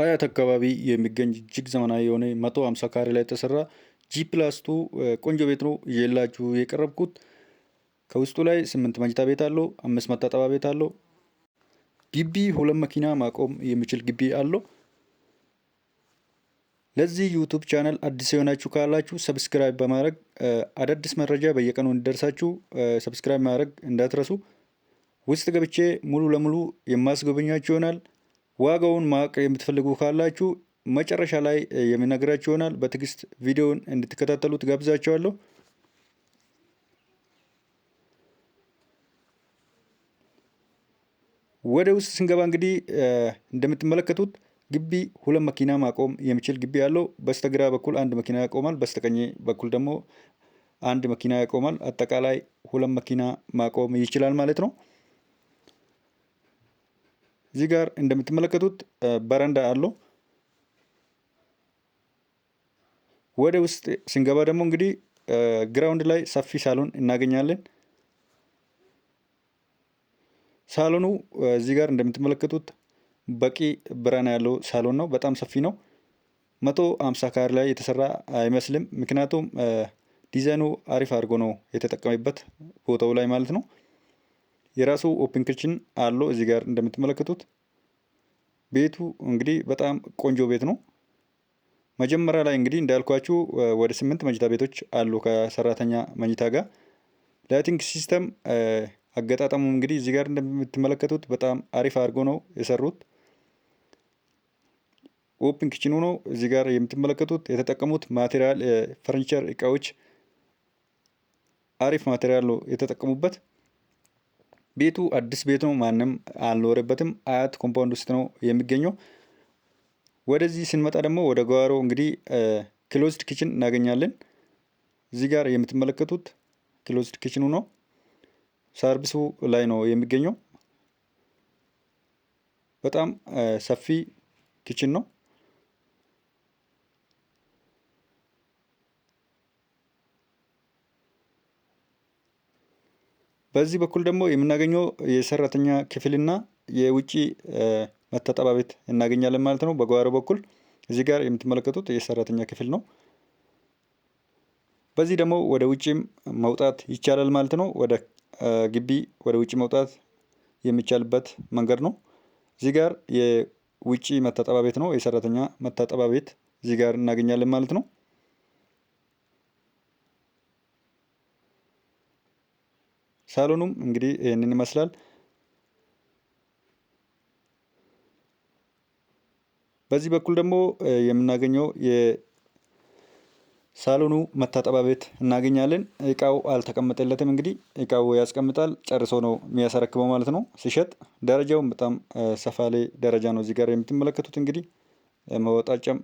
አያት አካባቢ የሚገኝ እጅግ ዘመናዊ የሆነ መቶ አምሳ ካሬ ላይ የተሰራ ጂ ቆንጆ ቤት ነው እየላችሁ የቀረብኩት። ከውስጡ ላይ ስምንት መኝታ ቤት አለው፣ አምስት መታጠባ ቤት አለው። ግቢ ሁለት መኪና ማቆም የሚችል ግቢ አለው። ለዚህ ዩቱብ ቻናል አዲስ የሆናችሁ ካላችሁ ሰብስክራይብ በማድረግ አዳዲስ መረጃ በየቀኑ እንዲደርሳችሁ ሰብስክራይብ ማድረግ እንዳትረሱ። ውስጥ ገብቼ ሙሉ ለሙሉ የማስጎበኛችሁ ይሆናል። ዋጋውን ማወቅ የምትፈልጉ ካላችሁ መጨረሻ ላይ የሚነግራችሁ ይሆናል። በትዕግስት ቪዲዮውን እንድትከታተሉት ጋብዛቸዋለሁ። ወደ ውስጥ ስንገባ እንግዲህ እንደምትመለከቱት ግቢ ሁለት መኪና ማቆም የሚችል ግቢ ያለው፣ በስተግራ በኩል አንድ መኪና ያቆማል፣ በስተቀኝ በኩል ደግሞ አንድ መኪና ያቆማል። አጠቃላይ ሁለት መኪና ማቆም ይችላል ማለት ነው። እዚህ ጋር እንደምትመለከቱት በረንዳ አለው። ወደ ውስጥ ስንገባ ደግሞ እንግዲህ ግራውንድ ላይ ሰፊ ሳሎን እናገኛለን። ሳሎኑ እዚህ ጋር እንደምትመለከቱት በቂ ብርሃን ያለው ሳሎን ነው። በጣም ሰፊ ነው። መቶ አምሳ ካሬ ላይ የተሰራ አይመስልም። ምክንያቱም ዲዛይኑ አሪፍ አድርጎ ነው የተጠቀመበት ቦታው ላይ ማለት ነው። የራሱ ኦፕን ክችን አለው እዚህ ጋር እንደምትመለከቱት። ቤቱ እንግዲህ በጣም ቆንጆ ቤት ነው። መጀመሪያ ላይ እንግዲህ እንዳልኳችሁ ወደ ስምንት መኝታ ቤቶች አሉ ከሰራተኛ መኝታ ጋር። ላይቲንግ ሲስተም አገጣጠሙ እንግዲህ እዚህ ጋር እንደምትመለከቱት በጣም አሪፍ አድርጎ ነው የሰሩት። ኦፕን ክችኑ ነው እዚህ ጋር የምትመለከቱት። የተጠቀሙት ማቴሪያል የፈርኒቸር እቃዎች አሪፍ ማቴሪያል ነው የተጠቀሙበት። ቤቱ አዲስ ቤት ነው። ማንም አልኖረበትም። አያት ኮምፓውንድ ውስጥ ነው የሚገኘው። ወደዚህ ስንመጣ ደግሞ ወደ ጓሮ እንግዲህ ክሎዝድ ኪችን እናገኛለን። እዚህ ጋር የምትመለከቱት ክሎዝድ ኪችኑ ነው። ሰርቪሱ ላይ ነው የሚገኘው። በጣም ሰፊ ኪችን ነው። በዚህ በኩል ደግሞ የምናገኘው የሰራተኛ ክፍልና የውጭ መታጠቢያ ቤት እናገኛለን ማለት ነው። በጓሮ በኩል እዚህ ጋር የምትመለከቱት የሰራተኛ ክፍል ነው። በዚህ ደግሞ ወደ ውጭም መውጣት ይቻላል ማለት ነው። ወደ ግቢ ወደ ውጭ መውጣት የሚቻልበት መንገድ ነው። እዚህ ጋር የውጭ መታጠቢያ ቤት ነው። የሰራተኛ መታጠቢያ ቤት እዚህ ጋር እናገኛለን ማለት ነው። ሳሎኑም እንግዲህ ይህንን ይመስላል። በዚህ በኩል ደግሞ የምናገኘው የሳሎኑ መታጠቢያ ቤት እናገኛለን። እቃው አልተቀመጠለትም። እንግዲህ እቃው ያስቀምጣል ጨርሶ ነው የሚያሰረክበው ማለት ነው ሲሸጥ። ደረጃውም በጣም ሰፋሌ ደረጃ ነው። እዚህ ጋር የምትመለከቱት እንግዲህ መወጣጫም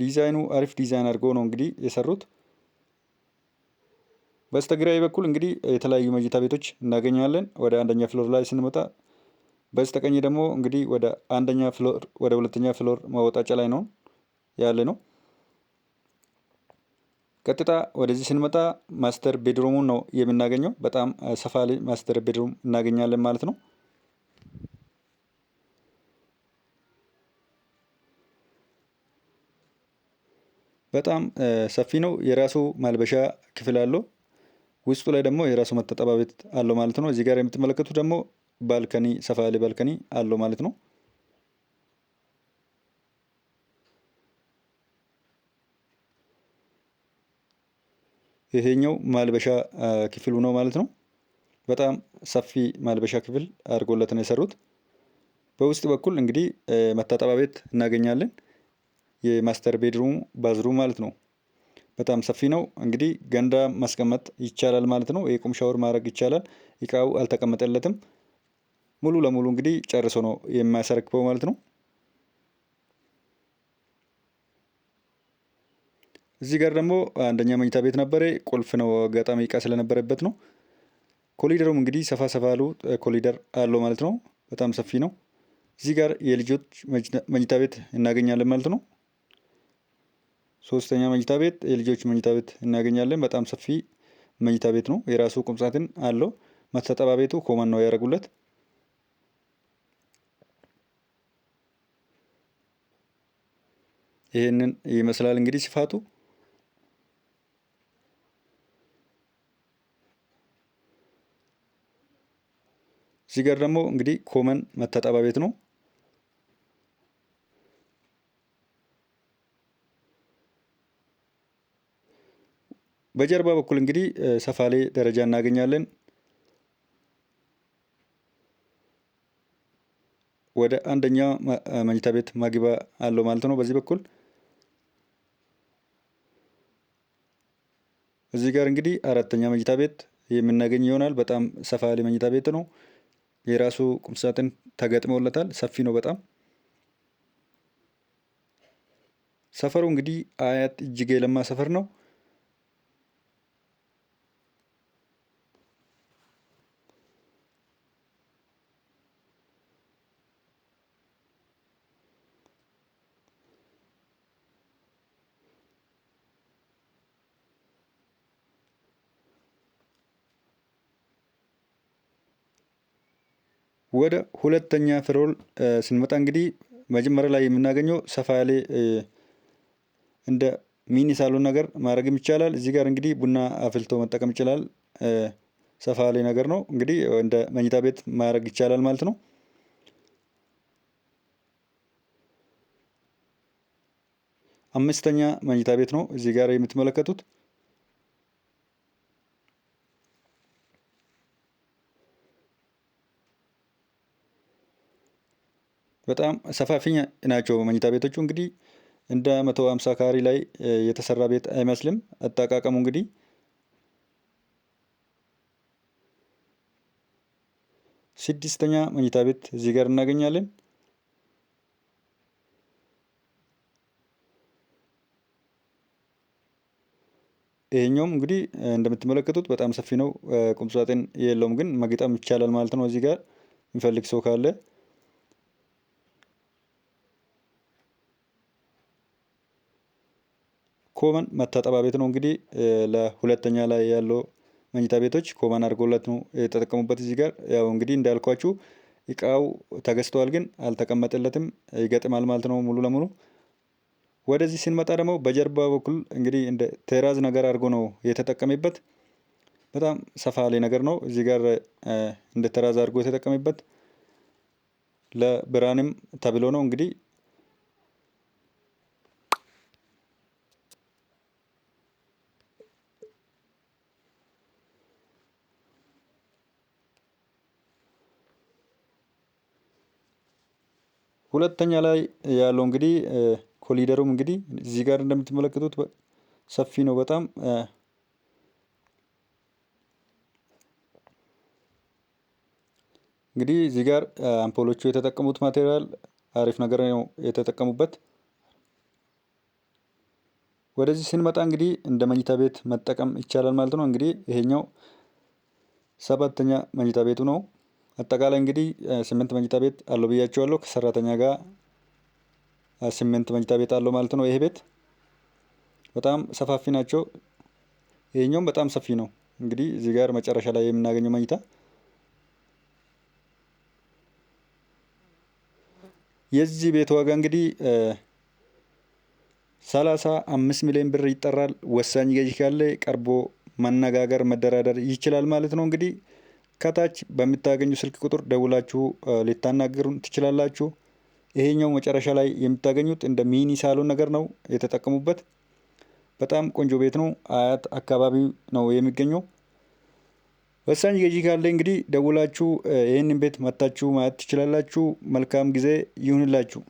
ዲዛይኑ አሪፍ ዲዛይን አድርገው ነው እንግዲህ የሰሩት። በስተግራዊ በኩል እንግዲህ የተለያዩ መኝታ ቤቶች እናገኛለን። ወደ አንደኛ ፍሎር ላይ ስንመጣ በስተቀኝ ደግሞ እንግዲህ ወደ አንደኛ ፍሎር ወደ ሁለተኛ ፍሎር ማወጣጫ ላይ ነው ያለ ነው። ቀጥታ ወደዚህ ስንመጣ ማስተር ቤድሮሙን ነው የምናገኘው። በጣም ሰፋ ላይ ማስተር ቤድሮም እናገኛለን ማለት ነው። በጣም ሰፊ ነው። የራሱ ማልበሻ ክፍል አለው። ውስጡ ላይ ደግሞ የራሱ መታጠቢያ ቤት አለው ማለት ነው። እዚህ ጋር የምትመለከቱት ደግሞ ባልከኒ፣ ሰፋ ያለ ባልከኒ አለው ማለት ነው። ይሄኛው ማልበሻ ክፍሉ ነው ማለት ነው። በጣም ሰፊ ማልበሻ ክፍል አድርጎለት ነው የሰሩት። በውስጥ በኩል እንግዲህ መታጠቢያ ቤት እናገኛለን። የማስተር ቤድሩም ባዝሩም ማለት ነው። በጣም ሰፊ ነው። እንግዲህ ገንዳ ማስቀመጥ ይቻላል ማለት ነው። የቁም ሻወር ማድረግ ይቻላል። እቃው አልተቀመጠለትም። ሙሉ ለሙሉ እንግዲህ ጨርሶ ነው የሚያስረክበው ማለት ነው። እዚህ ጋር ደግሞ አንደኛ መኝታ ቤት ነበረ። ቁልፍ ነው አጋጣሚ እቃ ስለነበረበት ነው። ኮሊደሩም እንግዲህ ሰፋ ሰፋ ያሉ ኮሊደር አለው ማለት ነው። በጣም ሰፊ ነው። እዚህ ጋር የልጆች መኝታ ቤት እናገኛለን ማለት ነው። ሶስተኛ መኝታ ቤት የልጆች መኝታ ቤት እናገኛለን። በጣም ሰፊ መኝታ ቤት ነው። የራሱ ቁምሳጥን አለው። መታጠቢያ ቤቱ ኮመን ነው ያደረጉለት። ይህንን ይመስላል እንግዲህ ስፋቱ። እዚህ ጋር ደግሞ እንግዲህ ኮመን መታጠቢያ ቤት ነው። በጀርባ በኩል እንግዲህ ሰፋሌ ደረጃ እናገኛለን። ወደ አንደኛ መኝታ ቤት ማግባ አለው ማለት ነው። በዚህ በኩል እዚህ ጋር እንግዲህ አራተኛ መኝታ ቤት የምናገኝ ይሆናል። በጣም ሰፋ ያለ መኝታ ቤት ነው። የራሱ ቁምሳጥን ተገጥመውለታል። ሰፊ ነው በጣም ሰፈሩ እንግዲህ አያት እጅጌ ለማ ሰፈር ነው። ወደ ሁለተኛ ፍሮል ስንመጣ እንግዲህ መጀመሪያ ላይ የምናገኘው ሰፋ ያለ እንደ ሚኒ ሳሎን ነገር ማድረግም ይቻላል። እዚህ ጋር እንግዲህ ቡና አፍልቶ መጠቀም ይችላል። ሰፋ ያለ ነገር ነው እንግዲህ እንደ መኝታ ቤት ማድረግ ይቻላል ማለት ነው። አምስተኛ መኝታ ቤት ነው እዚህ ጋር የምትመለከቱት። በጣም ሰፋፊ ናቸው መኝታ ቤቶቹ እንግዲህ እንደ መቶ ሀምሳ ካሪ ላይ የተሰራ ቤት አይመስልም። አጠቃቀሙ እንግዲህ ስድስተኛ መኝታ ቤት እዚህ ጋር እናገኛለን። ይሄኛውም እንግዲህ እንደምትመለከቱት በጣም ሰፊ ነው። ቁምሳጥን የለውም፣ ግን መግጠም ይቻላል ማለት ነው። እዚህ ጋር የሚፈልግ ሰው ካለ ኮመን መታጠቢያ ቤት ነው። እንግዲህ ለሁለተኛ ላይ ያለው መኝታ ቤቶች ኮመን አድርጎለት ነው የተጠቀሙበት። እዚህ ጋር ያው እንግዲህ እንዳልኳችሁ እቃው ተገዝተዋል፣ ግን አልተቀመጠለትም። ይገጥማል ማለት ነው ሙሉ ለሙሉ ወደዚህ ስንመጣ ደግሞ በጀርባ በኩል እንግዲህ እንደ ቴራዝ ነገር አድርጎ ነው የተጠቀሚበት። በጣም ሰፋ ያለ ነገር ነው። እዚህ ጋር እንደ ቴራዝ አድርጎ የተጠቀሚበት ለብርሃንም ተብሎ ነው እንግዲህ ሁለተኛ ላይ ያለው እንግዲህ ኮሊደሩም እንግዲህ እዚህ ጋር እንደምትመለከቱት ሰፊ ነው በጣም እንግዲህ እዚህ ጋር አምፖሎቹ የተጠቀሙት ማቴሪያል አሪፍ ነገር ነው የተጠቀሙበት። ወደዚህ ስንመጣ እንግዲህ እንደ መኝታ ቤት መጠቀም ይቻላል ማለት ነው። እንግዲህ ይሄኛው ሰባተኛ መኝታ ቤቱ ነው። አጠቃላይ እንግዲህ ስምንት መኝታ ቤት አለው ብያቸዋለሁ። ከሰራተኛ ጋር ስምንት መኝታ ቤት አለው ማለት ነው። ይሄ ቤት በጣም ሰፋፊ ናቸው። ይሄኛውም በጣም ሰፊ ነው። እንግዲህ እዚህ ጋር መጨረሻ ላይ የምናገኘው መኝታ የዚህ ቤት ዋጋ እንግዲህ ሰላሳ አምስት ሚሊዮን ብር ይጠራል። ወሳኝ ገዢ ካለ ቀርቦ መነጋገር መደራደር ይችላል ማለት ነው እንግዲህ ከታች በምታገኙ ስልክ ቁጥር ደውላችሁ ልታናገሩን ትችላላችሁ። ይሄኛው መጨረሻ ላይ የምታገኙት እንደ ሚኒ ሳሎን ነገር ነው የተጠቀሙበት። በጣም ቆንጆ ቤት ነው። አያት አካባቢ ነው የሚገኘው። ወሳኝ ገዢ ካለ እንግዲህ ደውላችሁ ይህንን ቤት መታችሁ ማየት ትችላላችሁ። መልካም ጊዜ ይሁንላችሁ።